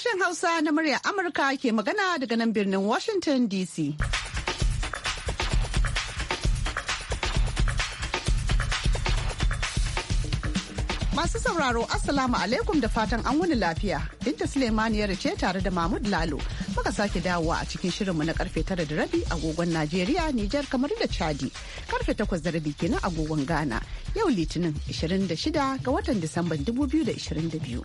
Sashen Hausa na murya Amurka ke magana daga nan birnin Washington DC. Masu sauraro Assalamu alaikum da fatan an wuni lafiya. Binta ya ce tare da Mahmud Lalo. Muka sake dawowa a cikin shirinmu na karfe tara da rabi agogon Najeriya, Nijar kamar da Chadi. Karfe takwas da rabi kenan agogon Ghana. Yau Litinin 26 ga watan Disamban 2022.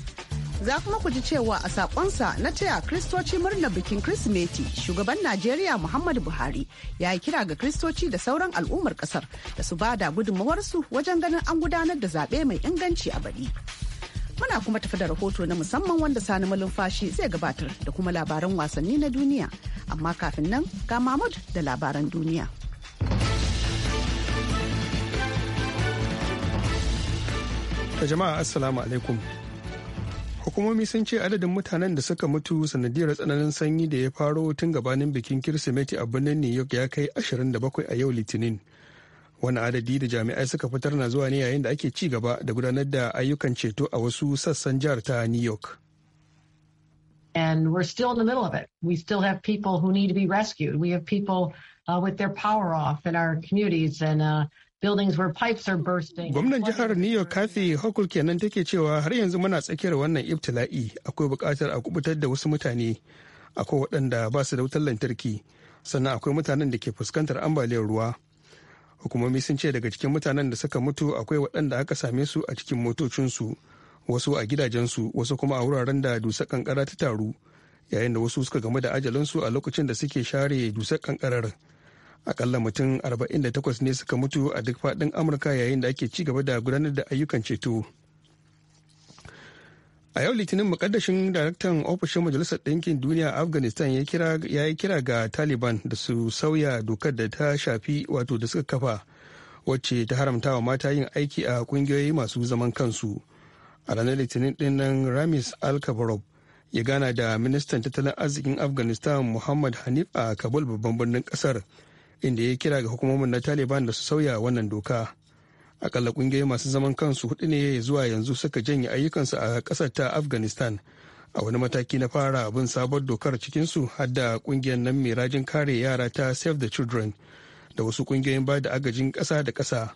Za kuma ku ji cewa a sakonsa na taya Kristoci murna bikin Kirsimeti, shugaban Najeriya Muhammadu Buhari ya yi kira ga Kristoci da sauran al'ummar kasar da su bada gudunmawarsu wajen ganin an gudanar da zaɓe mai inganci a baɗi. Muna kuma tafi da rahoto na musamman wanda Sani Malumfashi zai gabatar da kuma labaran wasanni na duniya. Amma kafin nan ga Mahmud da labaran duniya. jama'a assalamu alaikum hukumomi sun ce adadin mutanen da suka mutu sanadiyar tsananin sanyi da ya faro tun gabanin bikin kirsimeti a birnin new york ya kai 27 a yau litinin wani adadi da jami'ai suka fitar na zuwa ne yayin da ake ci gaba da gudanar da ayyukan ceto a wasu sassan jihar ta new york And we're still in the middle of it. We still have people who need to be rescued. We have people uh, with their power off in our communities, and uh, buildings where pipes Gwamnan jihar New York Kathy Hochul kenan take cewa har yanzu muna tsakiyar wannan ibtila'i akwai bukatar a kubutar da wasu mutane akwai waɗanda ba su da wutar lantarki sannan akwai mutanen da ke fuskantar ambaliyar ruwa. Hukumomi sun ce daga cikin mutanen da suka mutu akwai waɗanda aka same su a cikin motocinsu wasu a gidajensu wasu kuma a wuraren da dusar kankara ta taru yayin da wasu suka gamu da ajalinsu a lokacin da suke share dusar kankarar. akalla mutum 48 ne suka mutu a duk faɗin amurka yayin da ake ci gaba da gudanar da ayyukan ceto a yau litinin mukaddashin daraktan ofishin majalisar ɗinkin duniya a afghanistan ya yi kira ga taliban da su sauya dokar da ta shafi wato da suka kafa wacce ta haramta wa mata yin aiki a kungiyoyi masu zaman kansu a ranar litinin ɗinnan ramis al ya gana da ministan tattalin arzikin afghanistan muhammad hanif a kabul babban birnin ƙasar. kasar inda ya kira ga hukumomin na taliban da su sauya wannan doka akalla kungiyoyi masu zaman kansu hudu ne zuwa yanzu suka janye ayyukansu a kasar ta afghanistan a wani mataki na fara bin sabon dokar cikinsu har da kungiyar nan mai rajin kare yara ta save the children da wasu kungiyoyin ba da agajin kasa da kasa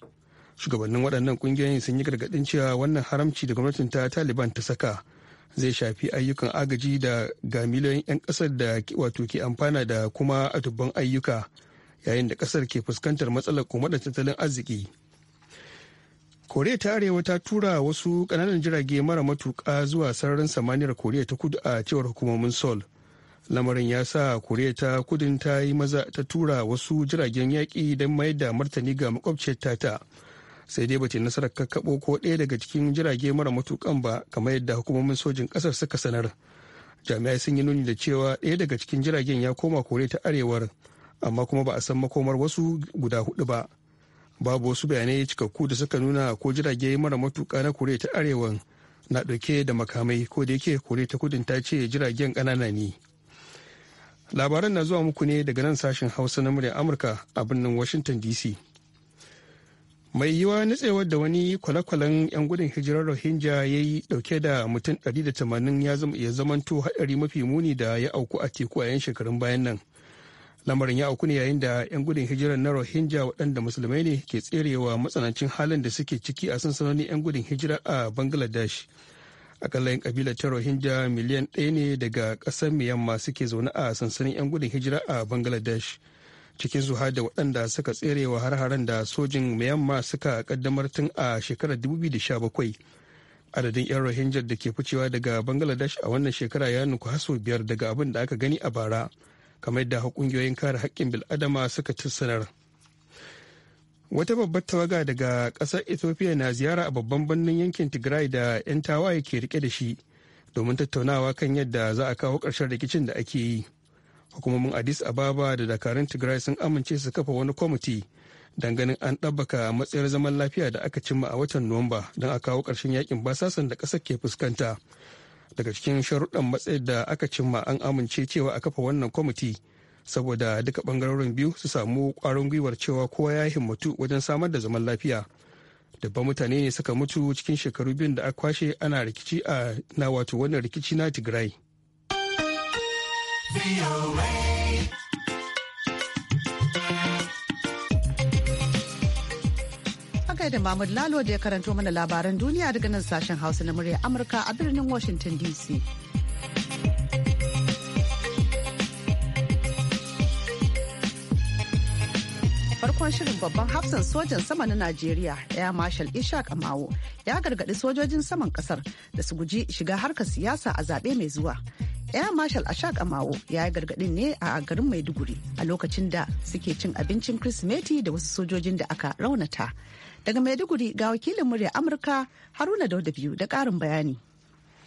shugabannin waɗannan kungiyoyin sun yi gargaɗin cewa wannan haramci da gwamnatin ta taliban ta saka zai shafi ayyukan agaji da ga miliyoyin 'yan ƙasar da wato ke amfana da kuma a dubban ayyuka yayin da kasar ke fuskantar matsalar da tattalin arziki koriya ta arewa ta tura wasu kananan jirage mara matuka zuwa sararin samaniyar koriya ta kudu a cewar hukumomin sol lamarin ya sa koriya ta kudin ta yi maza ta tura wasu jiragen yaƙi don mayar da martani ga makwabciyar tata sai dai bata nasarar kakkaɓo ko ɗaya daga cikin jirage mara matukan ba kamar yadda hukumomin sojin kasar suka sanar jami'ai sun yi nuni da cewa ɗaya daga cikin jiragen ya koma korea ta arewar amma kuma ba a san makomar wasu guda hudu ba babu wasu bayanai cikakku da suka nuna ko jirage mara matuka na kure ta arewan na dauke da makamai ko da yake kure ta kudin ta ce jiragen kanana ne labaran na zuwa muku ne daga nan sashen hausa na murya amurka a birnin washington dc mai yiwa nutsewar da wani kwalekwalen 'yan gudun hijirar rohingya ya yi dauke da mutum 180 ya zamanto haɗari mafi muni da ya auku a teku a 'yan shekarun bayan nan lamarin ya auku ne yayin da 'yan gudun hijirar na rohingya waɗanda musulmai ne ke tserewa matsanancin halin da suke ciki a sansanonin 'yan gudun hijira a bangladesh akalla 'yan kabilar ta rohingya miliyan ɗaya ne daga ƙasar miyamma suke zaune a sansanin 'yan gudun hijira a bangladesh cikin su da waɗanda suka tserewa har-haren da sojin miyamma suka kaddamar tun a shekarar 2017 adadin 'yan rohingya da ke ficewa daga bangladesh a wannan shekara ya nuku haso biyar daga abin da aka gani a bara kamar yadda kungiyoyin kare haƙƙin bil'adama suka ci sanar wata babbar tawaga daga ƙasar ethiopia na ziyara a babban birnin yankin tigray da 'yan tawaye ke rike da shi domin tattaunawa kan yadda za a kawo ƙarshen rikicin da ake yi hukumomin addis ababa da dakarun tigray sun amince su kafa wani kwamiti ganin an ɗabbaka matsayar zaman lafiya da aka cimma a watan nuwamba don a kawo ƙarshen yakin basasan da ƙasar ke fuskanta daga cikin sharuɗan matsayin da aka cimma an amince cewa a kafa wannan kwamiti saboda duka bangarorin biyu su samu ƙwarin gwiwar cewa kowa ya himmatu wajen samar da zaman lafiya dabba mutane ne suka mutu cikin shekaru biyun da aka kwashe ana rikici a na wato wannan rikici na tigray tare da Mahmud Lalo da ya karanto mana labaran duniya daga nan sashen Hausa na murya Amurka a birnin Washington DC. farkon shirin babban hafsan sojan sama na Najeriya air Marshal Ishaq Amawo ya gargaɗi sojojin saman ƙasar da su guji shiga harkar siyasa a zaɓe mai zuwa. Air Marshal Ashaq Amawo ya yi gargaɗin ne a garin Maiduguri a lokacin da suke cin abincin Kirsimeti da wasu sojojin da aka raunata. Daga Maiduguri ga wakilin murya Amurka Haruna Dauda biyu da ƙarin bayani.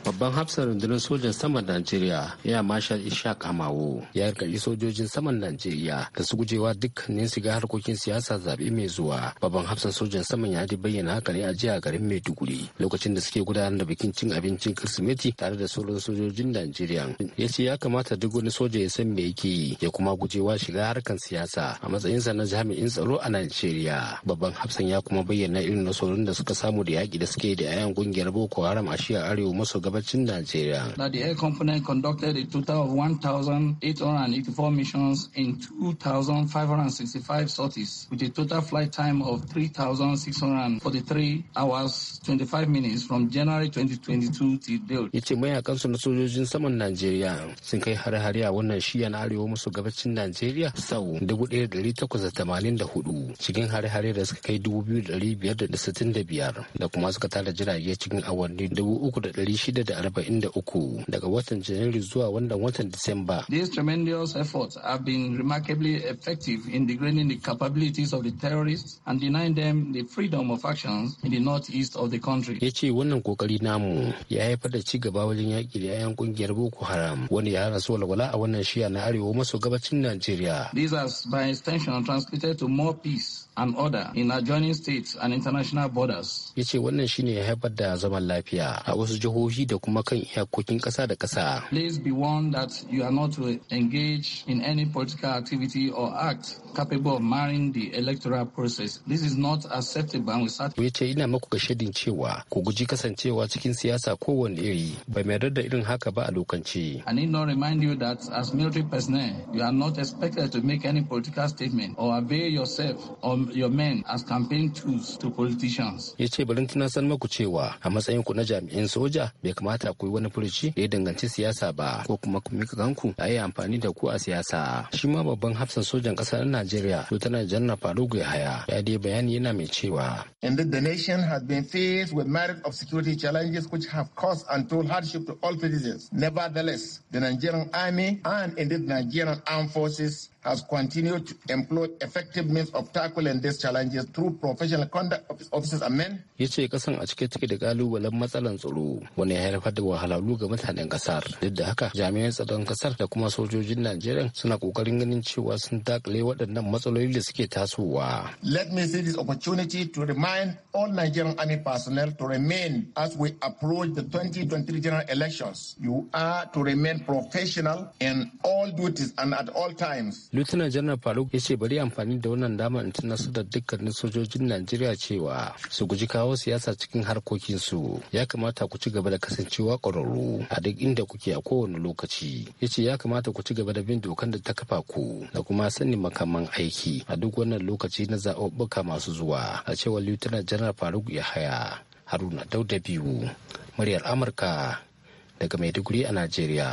babban hafsan rundunar sojan saman najeriya ya mashal ishaq amawo ya gargaɗi sojojin saman najeriya da su gujewa dukkanin shiga harkokin siyasa zaɓe mai zuwa babban hafsan sojan saman ya bayyana haka ne a jiya garin maiduguri lokacin da suke gudanar da bikin cin abincin kirsimeti tare da sauran sojojin najeriya ya ce ya kamata duk wani soja ya san me yake yi ya kuma gujewa shiga harkan siyasa a matsayinsa na jami'in tsaro a najeriya babban hafsan ya kuma bayyana irin nasarorin da suka samu da yaƙi da suke da 'ya'yan ƙungiyar boko haram a shiya arewa maso gabacin Najeriya. That the air company conducted a total of 1,884 missions in 2,565 sorties with a total flight time of 3,643 hours 25 minutes from January 2022 till date. ce mayakansu na sojojin saman Najeriya sun kai har-hari a wannan shiya na arewa musu gabacin Najeriya sau 1,884 cikin har hari da suka kai 2,565 da kuma suka tara jirage cikin awanni 3,600 da 643 daga watan Janairu zuwa wannan watan Disamba. These tremendous efforts have been remarkably effective in degrading the capabilities of the terrorists and denying them the freedom of actions in the northeast of the country. Ya ce wannan kokari namu ya haifar da ci gaba wajen yaƙi da 'ya'yan ƙungiyar Boko Haram wani ya rasu walwala a wannan shiya na arewa maso gabacin Najeriya. This has by extension translated to more peace and order in adjoining states and international borders. Ya ce wannan shine ya haifar da zaman lafiya a wasu jihohi da kuma kan iyakokin ƙasa da ƙasa. Please be warned that you are not to engage in any political activity or act capable of marring the electoral process. This is not acceptable and we start. Ya ce ina maku kashedin cewa ku guji kasancewa cikin siyasa kowane iri bai mayar da irin haka ba a lokaci. I need not remind you that as military personnel you are not expected to make any political statement or avail yourself or your men as campaign tools to politicians. Ya ce bari san maku cewa a matsayin ku na jami'in soja bai kamata ku yi wani furuci da ya danganci siyasa ba ko kuma ku mika kanku a yi amfani da ku a siyasa. Shi ma babban hafsan sojan ƙasa na Najeriya Lieutenant General Farugu Yahaya ya dai bayani yana mai cewa. Indeed the nation has been faced with myriad of security challenges which have caused untold hardship to all citizens. Nevertheless, the Nigerian army and indeed Nigerian armed forces has continued to employ effective means of tackling these challenges through professional conduct of its officers and men. Ya ce kasan a cike take da kalubalen matsalan tsaro wani ya haifar da wahalhalu ga mutanen kasar. Duk da haka jami'an tsaron kasar da kuma sojojin Najeriya suna kokarin ganin cewa sun takale waɗannan matsaloli da suke tasowa. Let me see this opportunity to remind all Nigerian army personnel to remain as we approach the 2023 general elections. You are to remain professional in all duties and at all times. lieutenant general faruk ya ce bari amfani da wannan damar in nasu da dukkanin sojojin najeriya cewa su guji kawo siyasa cikin harkokinsu ya kamata ku ci gaba da kasancewa ƙwararru a duk inda kuke a kowane lokaci ya ce ya kamata ku ci gaba da bin dokan da ta kafa ku da kuma sanin makaman aiki a duk wannan lokaci na zaɓuɓɓuka masu zuwa a cewar lieutenant general faruk haya. haruna dauda biyu muryar amurka daga maiduguri a najeriya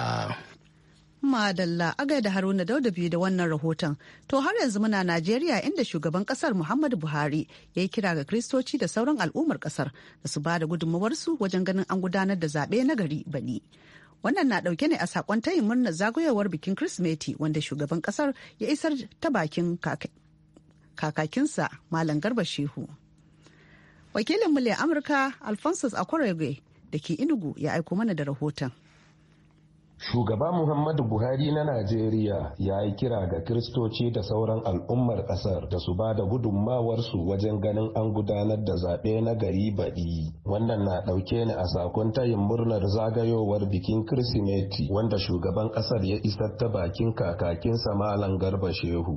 Madalla agai da Haruna Dauda biyu da wannan rahoton. To har yanzu muna Najeriya inda shugaban kasar Muhammadu Buhari ya yi kira ga Kristoci da sauran al'ummar kasar da su bada da gudunmawarsu wajen ganin an gudanar da zaɓe na gari bani. Wannan na ɗauke ne a saƙon tayin murnar zagayowar bikin Kirsimeti wanda shugaban kasar ya isar ta bakin kakakinsa Malam Garba Shehu. Wakilin muryar Amurka Alphonsus Akwarege da ke Inugu ya aiko mana da rahoton. Shugaba Muhammadu Buhari na Najeriya ya yi kira ga Kiristoci da sauran al'ummar ƙasar da su ba da gudummawarsu wajen ganin an gudanar da zaɓe na gari baɗi. Wannan na ɗauke ni a sakon tayin murnar zagayowar bikin Kirsimeti wanda shugaban ƙasar ya isar ta bakin kakakinsa Malam Garba Shehu.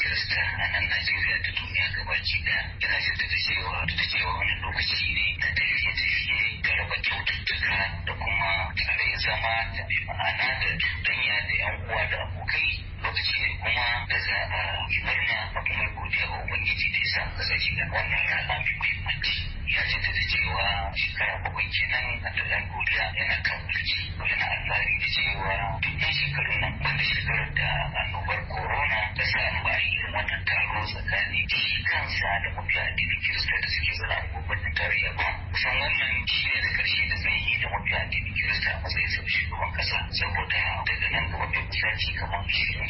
Kirista a nan Najeriya da duniya gabaci da yana da cewa da cewa wani lokaci ne da tafiye-tafiye da raba kyaututtuka da kuma tsarin zama da mai ma'ana da cuɗanya da 'yan uwa da abokai lokaci ne kuma da za a yi murna a kuma godiya wa ubangiji da sa ka sake da wannan rana mai muhimmanci ya ce ta cewa shekara bakwai kenan a da ɗan godiya yana kan mulki yana alfahari da cewa duk ɗan shekarun nan wanda shekarar da annobar corona ta sa ba a yi wannan taro tsakanin shi kansa da mabiya addinin kirista da suke zara a gwamnatin tarayya ba kusan wannan shi ne da ƙarshe da zai yi da mabiya addinin kirista a matsayin shugaban ƙasa saboda daga nan gaba bai kusa ci kamar shirin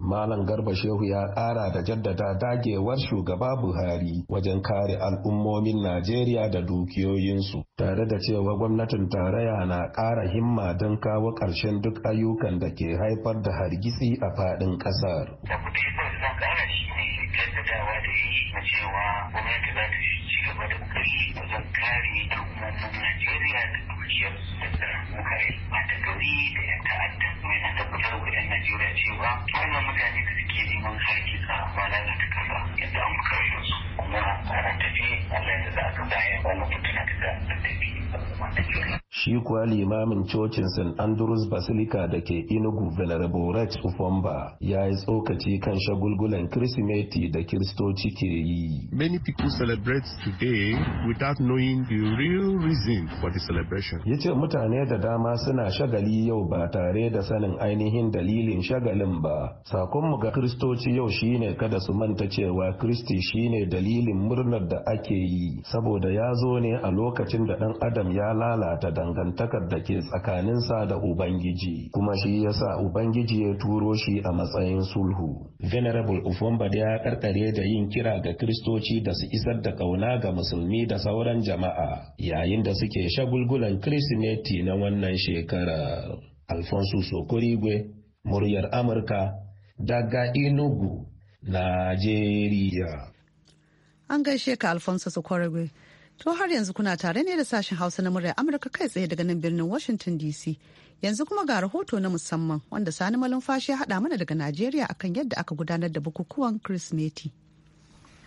Malam Garba Shehu ya ƙara da jaddada dagewar shugaba Buhari wajen kare al'ummomin Najeriya da dukiyoyinsu, tare da cewa gwamnatin tarayya na ƙara himma don kawo ƙarshen duk ayyukan da ke haifar da hargitsi a faɗin ƙasar. Da kuɗi ne cewa gwamnati za ta gaba da kuri yi wajen kare al'ummomin Najeriya da kuriyar da muka yi mata gauri da yan ta'adda. Mai na tabbatar wa 'yan Najeriya cewa wannan mutane da suke neman harkisa ba lalata shi kuwa limamin cocin st andrews basilica da ke inugu venerable rex ufomba ya yi tsokaci kan shagulgulan kirsimeti da kiristoci ke yi many people celebrate today without knowing the real reason for the celebration ya ce mutane da dama suna shagali yau ba tare da sanin ainihin dalilin shagalin ba sakonmu ga kiristoci yau shine kada su manta cewa kristi shine dalilin murnar da ake yi saboda ya zo ne a lokacin da dan adam ya lalata dangane dangantakar da ke tsakaninsa da Ubangiji, kuma shi ya sa Ubangiji ya turo shi a matsayin sulhu. Venerable Ufombade ya karkare da yin kira ga Kiristoci da su isar da kauna ga musulmi da sauran jama'a yayin da suke shagulgulan Kirsimeti na wannan shekarar. Alfonso Sokorigwe, muryar Amurka, daga Inugu, Najeriya. An gaishe ka Alfonso Sokorigwe. To har yanzu kuna tare ne da sashen Hausa na muryar Amurka kai tsaye daga nan birnin Washington DC. Yanzu kuma ga rahoto na musamman wanda Sani Malumfashi ya haɗa mana daga Najeriya akan yadda aka gudanar da bukukuwan Kirsimeti.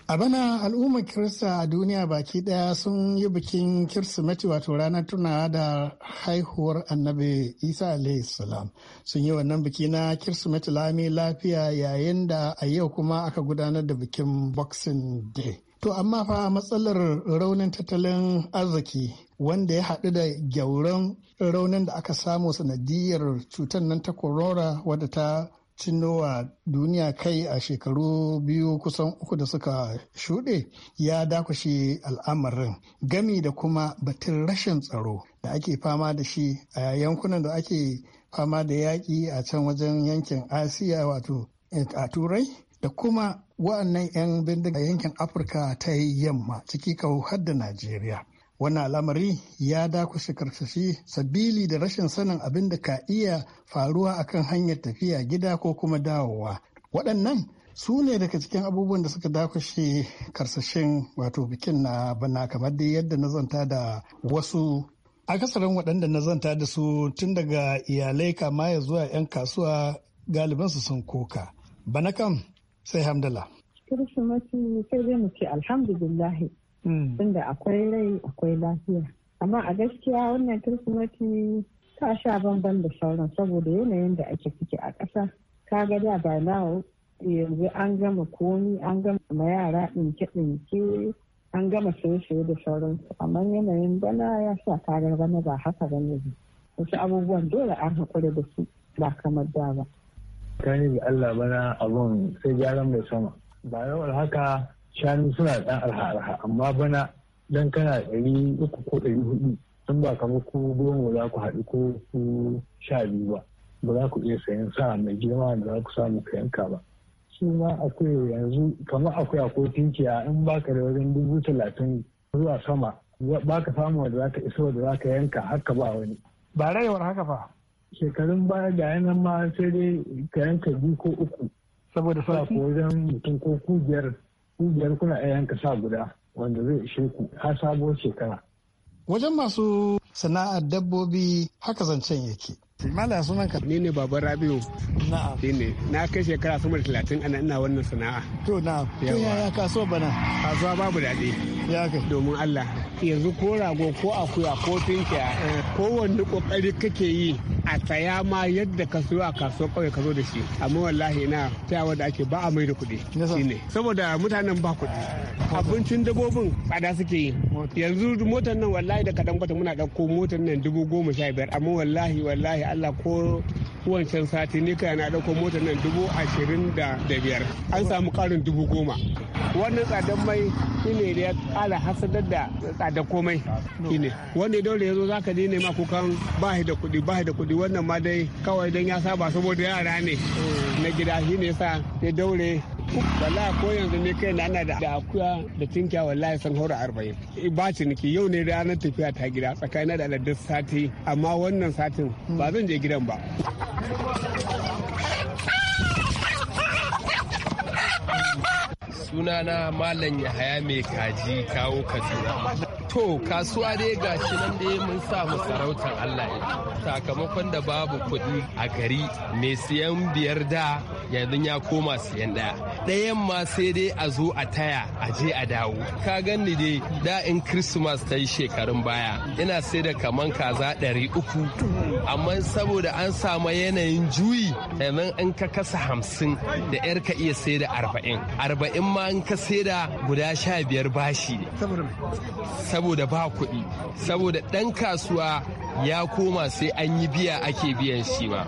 A bana al'ummar Kirista a duniya baki ɗaya sun yi bikin Kirsimeti wato ranar tunawa da haihuwar annabi Isa salam sun yi wannan biki na Kirsimeti lami lafiya yayin da a yau kuma aka gudanar da bikin Boxing Day. To amma fa matsalar raunin tattalin arziki wanda ya haɗu da gyauran raunin da aka samu sanadiyar cutar nan ta korora wadda ta cinowa duniya kai a shekaru biyu kusan uku da suka shuɗe ya dakushe al'amarin gami da kuma batun rashin tsaro da ake fama da shi a yankunan da ake fama da yaƙi a can wajen yankin asiya wato eh, a turai da kuma wa'annan 'yan bindiga yankin afirka ta yi yamma ciki har da najeriya wani al'amari ya dakushe karsashi sabili da rashin sanin abin da ka iya faruwa akan hanyar tafiya gida ko kuma dawowa waɗannan su ne daga cikin abubuwan da suka dakushe karsashin wato bikin na bana kamar da yadda na zanta da wasu akasarin waɗanda na zanta da su tun daga iyalai kama ya zuwa 'yan kasuwa galibinsu sun koka bana kam sai hamdala kirsimati sai dai mu ce alhamdulillahi hmm. tunda akwai rai akwai lafiya amma a gaskiya wannan kirsimati ta sha banban da sauran saboda yanayin da ake ciki a ƙasa ka ga da ba na yanzu an gama komi an gama yara ɗinke ɗinke an gama soye da sauransu amma yanayin bana ya sa kagar bana ba haka bane wasu abubuwan dole an haƙura da su ba kamar da ba Kani da Allah bana abun sai gyaran mai sama. Ba yawar haka shanu suna ɗan arha-arha amma bana dan kana ɗari uku ko ɗari hudu in ba kamar ku goma za ku haɗu ko ku sha biyu ba. Ba za ku iya sayan sa mai girma da za ku samu ka yanka ba. Su ma akwai yanzu kamar akwai ko tinkiya in baka da wajen dubu talatin zuwa sama ba ka samu wanda za ka iso da za ka yanka haka ba wani. Ba rayuwar haka fa. shekarun baya ga yanan ma sai dai ka yanka biyu ko uku saboda sa ko wajen mutum ko kugiyar kugiyar kuna iya yanka sa guda wanda zai ishe ku har sabuwar shekara wajen masu sana'ar dabbobi haka zancen yake Mala sunan ka. Ni ne baban Rabiu. Na'am. Ni ne. Na kai shekara sama da talatin ana ina wannan sana'a. To na'am. To yaya kasuwa bana? Kasuwa babu daɗi. Ya kai. Domin Allah. Yanzu ko rago ko akuya ko tinkiya eh, ko wani kokari kake yi a saya ma yadda ka so a kasuwar kawai ka zo da shi amma wallahi na taya da ake ba a mai da kuɗi shine saboda mutanen ba kuɗi abincin dabobin tsada suke yi yanzu motar nan wallahi da kadan kwata muna ɗauko motar nan dubu goma sha biyar amma wallahi wallahi allah ko wancan sati ni kai na ɗauko motar nan dubu ashirin da biyar an samu ƙarin dubu goma wannan tsadan mai shine da ya ƙara hasadar da tsada komai shine wanda da ya zo za ka je nema kukan ba da kuɗi ba da kuɗi wannan ma dai kawai don ya saba saboda yara ne na gida shine yasa ya daure Wala ko yanzu ne kai na da da akuya da tinkiya wallahi san haura arba'in eh, ba ciniki yau ne ranar tafiya ta gida tsakanin da aladun sati amma wannan satin ba zan je gidan ba sunana malam yahaya mai kaji kawo katsina To kasuwa dai ga shi nan dai mun sa masarautar Allah ya sakamakon da babu kuɗi a gari mai siyan biyar da yanzu ya koma siyan ɗaya. Ɗayan ma sai dai a zo a taya a je a dawo. Ka ganni dai da in Christmas ta yi shekarun baya ina sai da kaman kaza ɗari uku. Amma saboda an samu yanayin juyi yanzu in ka kasa hamsin da yar ka iya sai da arba'in. Arba'in ma in ka sai da guda sha biyar bashi saboda ba kuɗi saboda ɗan kasuwa ya koma sai an yi biya ake biyan shi ba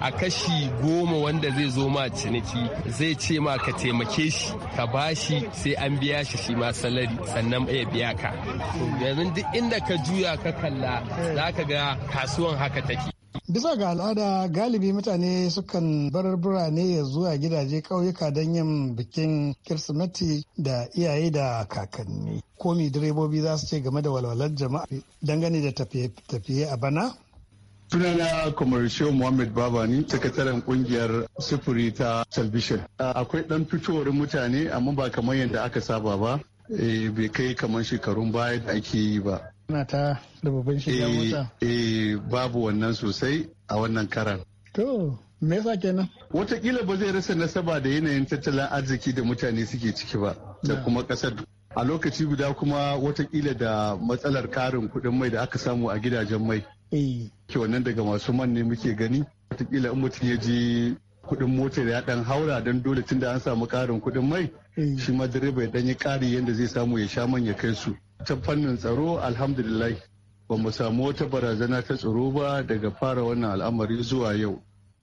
a kashi goma wanda zai zo ma ciniki zai ce ma ka taimake shi ka bashi sai an biya shi shi ma salari sannan ya biya ka yanzu duk inda ka juya ka kalla za ka ga kasuwan haka take Bisa ga al'ada galibi mutane sukan bar birane ya zuwa gidaje ƙauyuka don yin bikin Kirsimeti da iyaye da kakanni. Komi direbobi za su ce game da walwalar jama'a dangane da tafiye-tafiye a bana? sunana commercial muhammad babani sakataren kungiyar sufuri ta talbishin akwai dan fitowar mutane amma ba kamar yadda aka saba ba eh, bai kai kamar shekarun baya da ake yi ba na ta rububin shiga eh, mota eh babu wannan sosai a wannan karan to me yasa kenan watakila ba zai rasa nasaba da yanayin tattalin arziki da mutane suke ciki ba da kuma kasar a lokaci guda kuma watakila da matsalar karin kuɗin mai da aka samu a gidajen mai eh. ke wannan daga masu man ne muke gani watakila in mutum ya je kuɗin mota ya ɗan haura don dole tun da an samu karin kuɗin mai eh. shi ma direba ya dan yi ƙari yadda zai samu ya sha man ya kai su ta fannin tsaro alhamdulillah ba mu samu wata barazana ta tsaro ba daga fara wannan al'amari zuwa yau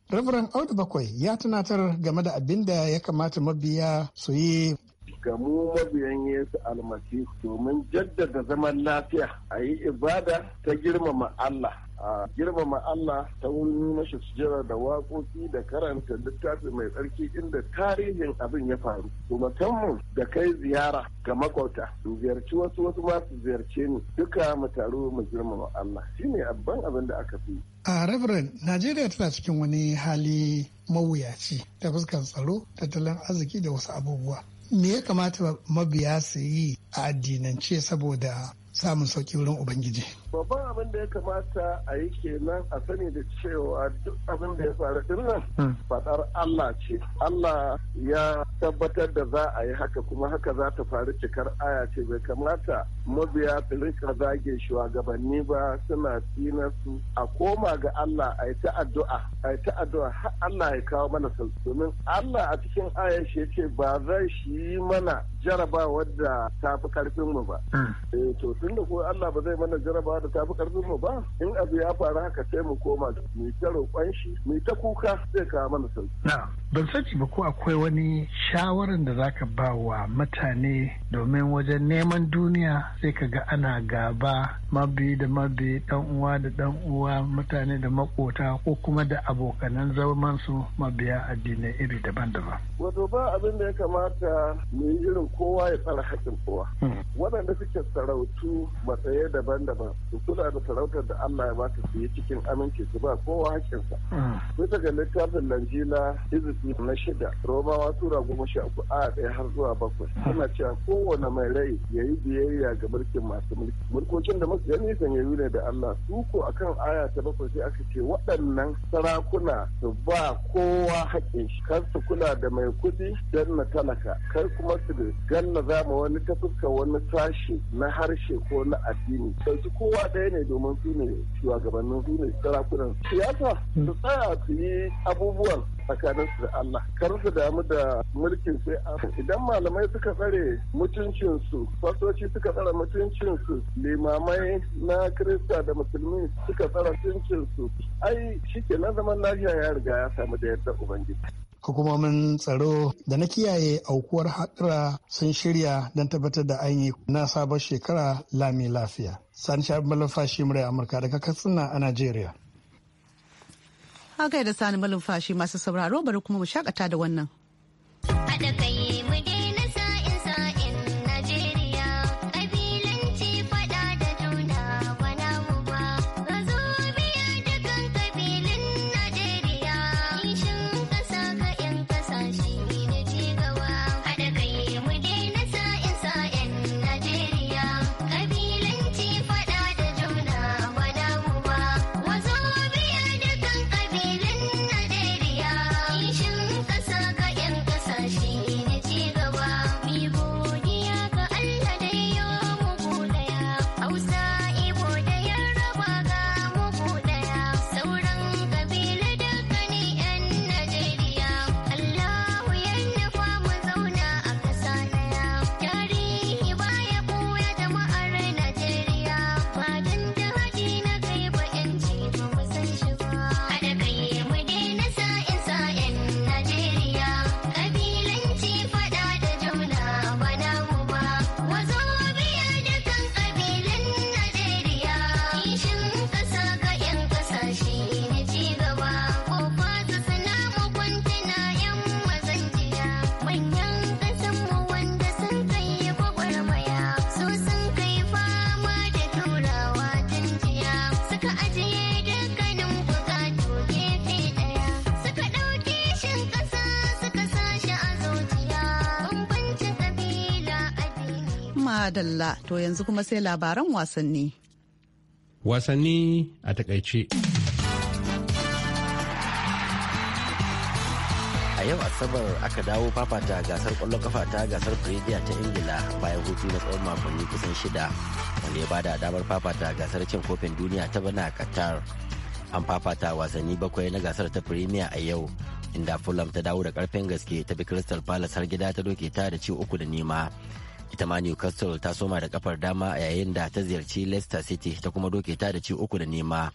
Rabaran Audu Bakwai ya tunatar game da abin da ya kamata mabiya su yi ga mu mabiyan Yesu almasihu domin jaddada zaman lafiya a yi ibada ta girmama Allah a girmama Allah ta wurin mashi sujjara da waƙoƙi da karanta littafi mai tsarki inda tarihin abin ya faru to da kai ziyara ga makwauta su ziyarci wasu wasu ma su ziyarce ni duka mu taru mu girmama Allah shine abban abin da aka fi a reverend najeriya tana cikin wani hali mawuyaci ta fuskar tsaro tattalin arziki da wasu abubuwa me ya kamata mabiya su yi a addinance saboda samun sauki wurin ubangiji babban abin da ya kamata a yi kenan a sani da cewa duk abin da ya faru din nan hmm. fadar Allah ce Allah ya tabbatar da za a yi haka kuma haka za ta faru cikar aya ce bai kamata mabiya su rika zage shugabanni ba suna tina su a koma ga Allah a yi ta addu'a a yi ta addu'a har Allah ya kawo mana sauki Allah a cikin ayar shi yace ba zai shi mana jarabawar da ta fi karfin mu ba hmm. eh, to tunda ko Allah ba zai mana jaraba da tafi karfin mu ba in abu ya faru haka sai mu koma mu ta roƙon shi mu ta kuka zai kawo mana sauki ban sani ba ko akwai wani shawarar da zaka ba wa mutane domin wajen neman duniya sai ka ga ana gaba mabi da mabi dan uwa da dan uwa mutane da makota ko kuma da abokanan zaman su mabiya addinai iri daban-daban wato ba abin da ya kamata mu yi irin kowa ya tsara hakkin kowa hmm. waɗanda suke sarautu matsaye daban-daban su kula da sarautar da Allah ya ba su yi cikin aminci su ba kowa haƙƙinsa hmm. bisa ga littafin Lanjila Izu jiki na shida romawa wasu goma sha uku a ɗaya har zuwa bakwai Ana cewa kowane mai rai ya yi biyayya ga mulkin masu mulki mulkokin da masu gani sanyayu ne da Allah su ko a kan aya ta bakwai sai aka ce waɗannan sarakuna su ba kowa haƙƙin shi kar su kula da mai kuɗi don na talaka kar kuma su ganna zama wani ta fuska wani sashi na harshe ko na addini ɗauki kowa ɗaya ne domin su ne shugabannin su ne sarakunan siyasa su tsaya su yi abubuwan tsakaninsu da Allah kar su damu da mulkin sai idan malamai suka tsare mutuncinsu fasoci suka tsare mutuncinsu limamai na kirista da musulmi suka tsare mutuncinsu ai shi ke na zaman lafiya ya riga ya samu da yadda ubangiji hukumomin tsaro da na kiyaye aukuwar haɗura sun shirya don tabbatar da an yi na sabon shekara lami lafiya. Sani Shabi Malafashi Murai Amurka daga Katsina a Najeriya. A da sani malumfashi masu sauraro bari kuma mu shakata da wannan. dalla to yanzu kuma sai labaran wasanni. Wasanni a takaice. a yau asabar aka dawo fafata gasar kwallon kafa ta gasar premier ta ingila bayan hutu na tsawon makonni kusan shida wanda ya bada damar fafata gasar cin kofin duniya ta bana qatar an fafata wasanni bakwai na gasar ta premier a yau inda fulham ta dawo da karfin gaske ta bi crystal palace har gida ta doke ta da ci uku da nema ita ma newcastle ta soma da kafar dama yayin da ta ziyarci leicester city ta kuma doke ta da ci uku da nema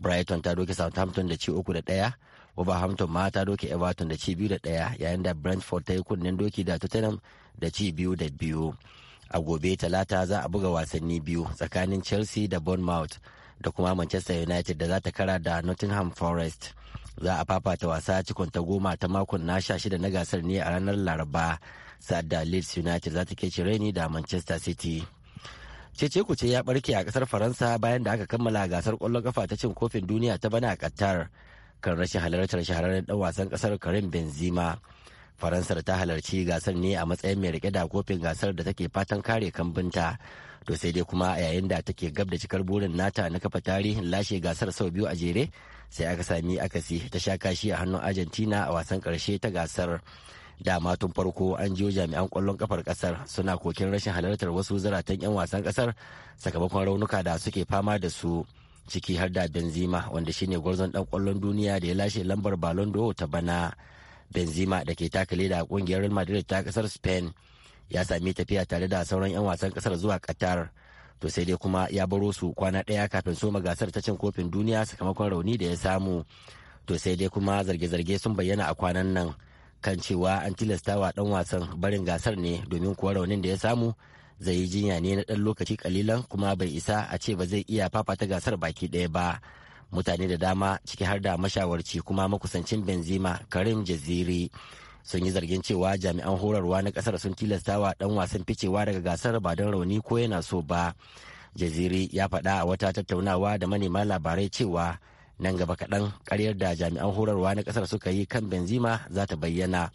brighton ta doke southampton da ci uku da daya Wolverhampton ma ta doke Everton da ci biyu da ɗaya yayin da Brentford ta yi kunnen doki da Tottenham da ci biyu da biyu. A gobe talata za a buga wasanni biyu tsakanin Chelsea da Bournemouth da kuma Manchester United da za ta kara da Nottingham Forest. Za a fafata wasa cikon ta goma ta makon na sha shida na gasar ne a ranar Laraba da leeds united za ta ke cire ni da manchester city cece ce ya barke a kasar faransa bayan da aka kammala gasar kwallon kafa ta cin kofin duniya ta bana a qatar kan rashin halartar shahararren dan wasan kasar karim benzema faransar ta halarci gasar ne a matsayin mai rike da kofin gasar da take fatan kare kambinta to sai dai kuma yayin da take gab da cikar burin nata na kafa tarihin lashe gasar sau biyu a jere sai aka sami akasi ta sha kashi a hannun argentina a wasan karshe ta gasar dama tun farko an jiyo jami'an kwallon kafar kasar suna kokin rashin halartar wasu zaratan 'yan wasan kasar sakamakon raunuka da suke fama da su ciki har da benzema wanda shine gwarzon dan kwallon duniya da ya lashe lambar ballon d'or ta bana benzema da ke takale da kungiyar real madrid ta kasar spain ya sami tafiya tare da sauran 'yan wasan kasar zuwa qatar to sai dai kuma ya baro su kwana daya kafin soma gasar ta cin kofin duniya sakamakon rauni da ya samu to sai dai kuma zarge-zarge sun bayyana a kwanan nan kan cewa an tilasta wa dan wasan barin gasar ne domin kuwa raunin da ya samu zai yi jinya ne na dan lokaci kalilan kuma bai isa a ce ba zai iya fafata gasar baki ɗaya ba mutane da dama ciki har da mashawarci kuma makusancin benzema karim jaziri sun yi zargin cewa jami'an horarwa na kasar sun tilasta wa dan wasan ficewa daga gasar ba don rauni ko yana so ba jaziri ya faɗa a wata tattaunawa da manema labarai cewa nan gaba kaɗan karyar da jami'an horarwa na ƙasar suka yi kan benzema za ta bayyana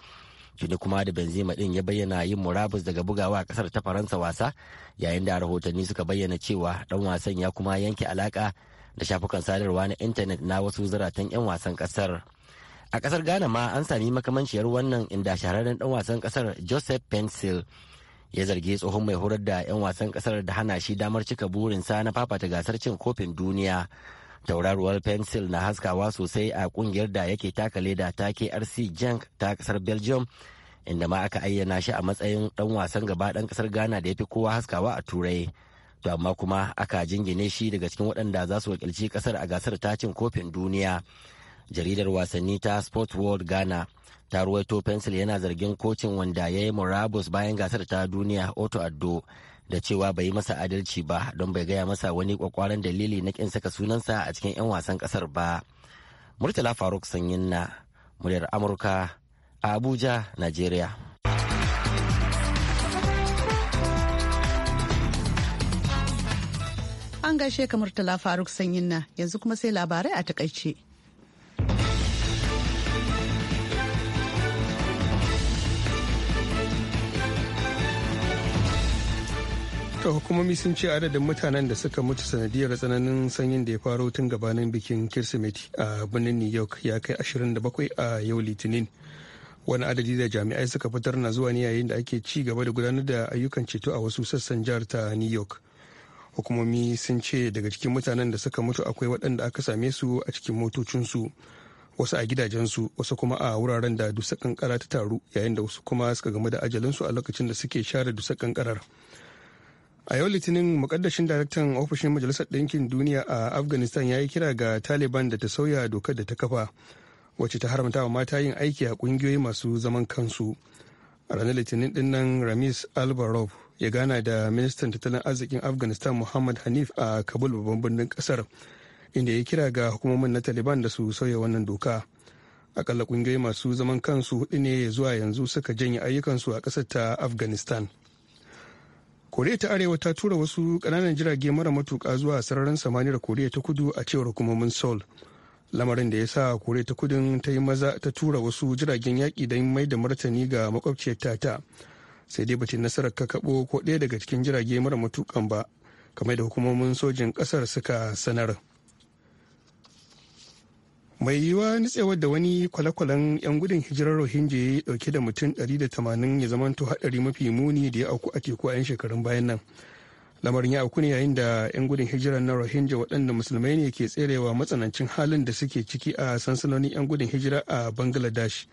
tuni kuma da benzema din ya bayyana yin murabus daga bugawa a ƙasar ta faransa wasa yayin da rahotanni suka bayyana cewa ɗan wasan ya kuma yanke alaka da shafukan sadarwa na intanet na wasu zaratan 'yan wasan ƙasar. a ƙasar ghana ma an sami makamanciyar wannan inda shahararren ɗan wasan ƙasar joseph pencil ya zargi tsohon mai horar da 'yan wasan ƙasar da hana shi damar cika burinsa na fafata gasar cin kofin duniya tauraruwar pencil na haskawa sosai a kungiyar da yake taka leda ta krc jank ta kasar belgium inda ma aka ayyana shi a matsayin dan wasan gaba dan kasar ghana da ya fi kowa haskawa a turai to amma kuma aka jingine shi daga cikin waɗanda za su wakilci kasar a gasar tacin kofin duniya jaridar wasanni ta sport world ghana ta ruwaito pencil yana zargin kocin wanda ya yi murabus bayan gasar ta duniya otto addo da cewa bai yi masa adalci ba don bai gaya masa wani kwakwaran dalili na kin saka sunansa a cikin 'yan wasan kasar ba. Murtala Faruk Sanyin na muryar Amurka a Abuja, Najeriya. An gaishe ka Murtala Faruk Sanyin na yanzu kuma sai labarai a takaice. to hukumomi sun ce adadin mutanen da suka mutu sanadiyar tsananin sanyin da ya faro tun gabanin bikin kirsimeti a birnin new york ya kai 27 a yau litinin wani adadi da jami'ai suka fitar na zuwa ne yayin da ake ci gaba da gudanar da ayyukan ceto a wasu sassan jihar ta new york hukumomi sun ce daga cikin mutanen da suka mutu akwai waɗanda aka same su a cikin motocinsu wasu a gidajensu wasu kuma a wuraren da dusar kankara ta taru yayin da wasu kuma suka game da ajalinsu a lokacin da suke share dusar kankarar a yau litinin mukaddashin daraktan ofishin majalisar ɗinkin duniya a afghanistan ya yi kira ga taliban da ta sauya dokar da ta kafa wacce ta haramta wa mata yin aiki a ƙungiyoyi masu zaman kansu a ranar litinin dinnan nan ramis albarov ya gana da ministan tattalin arzikin afghanistan muhammad hanif a kabul babban birnin kasar inda ya kira ga hukumomin na taliban da su sauya wannan doka akalla ƙungiyoyi masu zaman kansu hudu ne zuwa yanzu suka janye ayyukansu a ƙasar ta afghanistan koriya ta arewa ta tura wasu ƙananan jirage mara matuka zuwa sararin samaniyar koriya ta kudu a cewar hukumomin seoul lamarin da ya sa koriya ta kudin ta yi maza ta tura wasu jiragen yaƙi don mai da martani ga makwabciyar ta sai dai bata nasarar kakaɓo ko ɗaya daga cikin jirage mara matuƙan ba kamar da hukumomin sojin ƙasar suka sanar mai yiwuwa nutsewar da wani kwale-kwalen 'yan gudun hijirar rohingya ya dauke da mutum 180 ya zamanto hadari mafi muni da ya auku a teku a 'yan shekarun bayan nan lamarin ya auku ne yayin da 'yan gudun hijirar na rohingya waɗanda musulmai ne ke tserewa matsanancin halin da suke ciki a sansanonin 'yan gudun hijira a bangladesh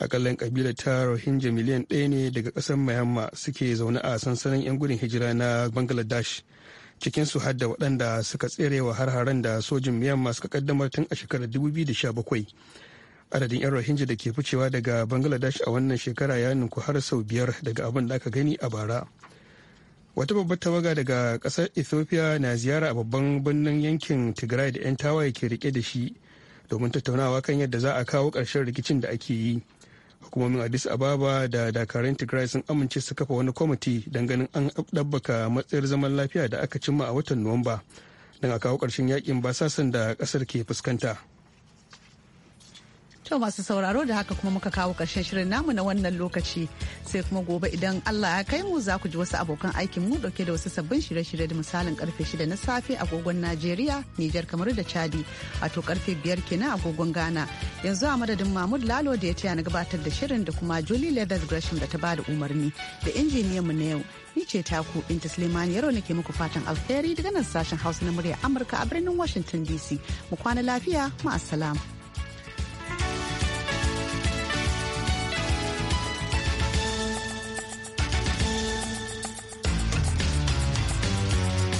'yan kabilar ta rohingya miliyan ɗaya ne daga ƙasar myanmar suke zaune a sansanin 'yan gudun hijira na bangladesh cikin su hadda waɗanda suka tserewa har-haren da sojin myanmar suka kaddamar tun a shekarar 2017 adadin 'yan rohingya da ke ficewa daga bangladesh a wannan shekara ya ninku har sau biyar daga abin da aka gani a bara wata babbar tawaga daga ƙasar ethiopia na ziyara a babban birnin yankin tigray da 'yan tawaye ke rike da shi domin tattaunawa kan yadda za a kawo ƙarshen rikicin da ake yi hukumomin addis ababa da dakarun tigray sun amince su kafa wani kwamiti ganin an ɗabbaka matsayar zaman lafiya da aka cimma a watan nuwamba don a kawo ƙarshen yakin basasan da ƙasar ke fuskanta To masu sauraro da haka kuma muka kawo ƙarshen shirin namu na wannan lokaci sai kuma gobe idan Allah ya kai mu za ku ji wasu abokan aikin mu dauke da wasu sabbin shirye-shirye da misalin karfe shida na safe agogon Najeriya, Nijar kamar da Chadi, a to karfe 5 kenan agogon Ghana. Yanzu a madadin Mahmud Lalo da ya taya na gabatar da shirin da kuma Julie ledas Gresham da ta ba da umarni da injiniyan mu na yau. Ni ce taku inta Suleiman Yaro nake muku fatan alheri daga nan sashen Hausa na murya Amurka a birnin Washington DC. Mu kwana lafiya, ma'assalam.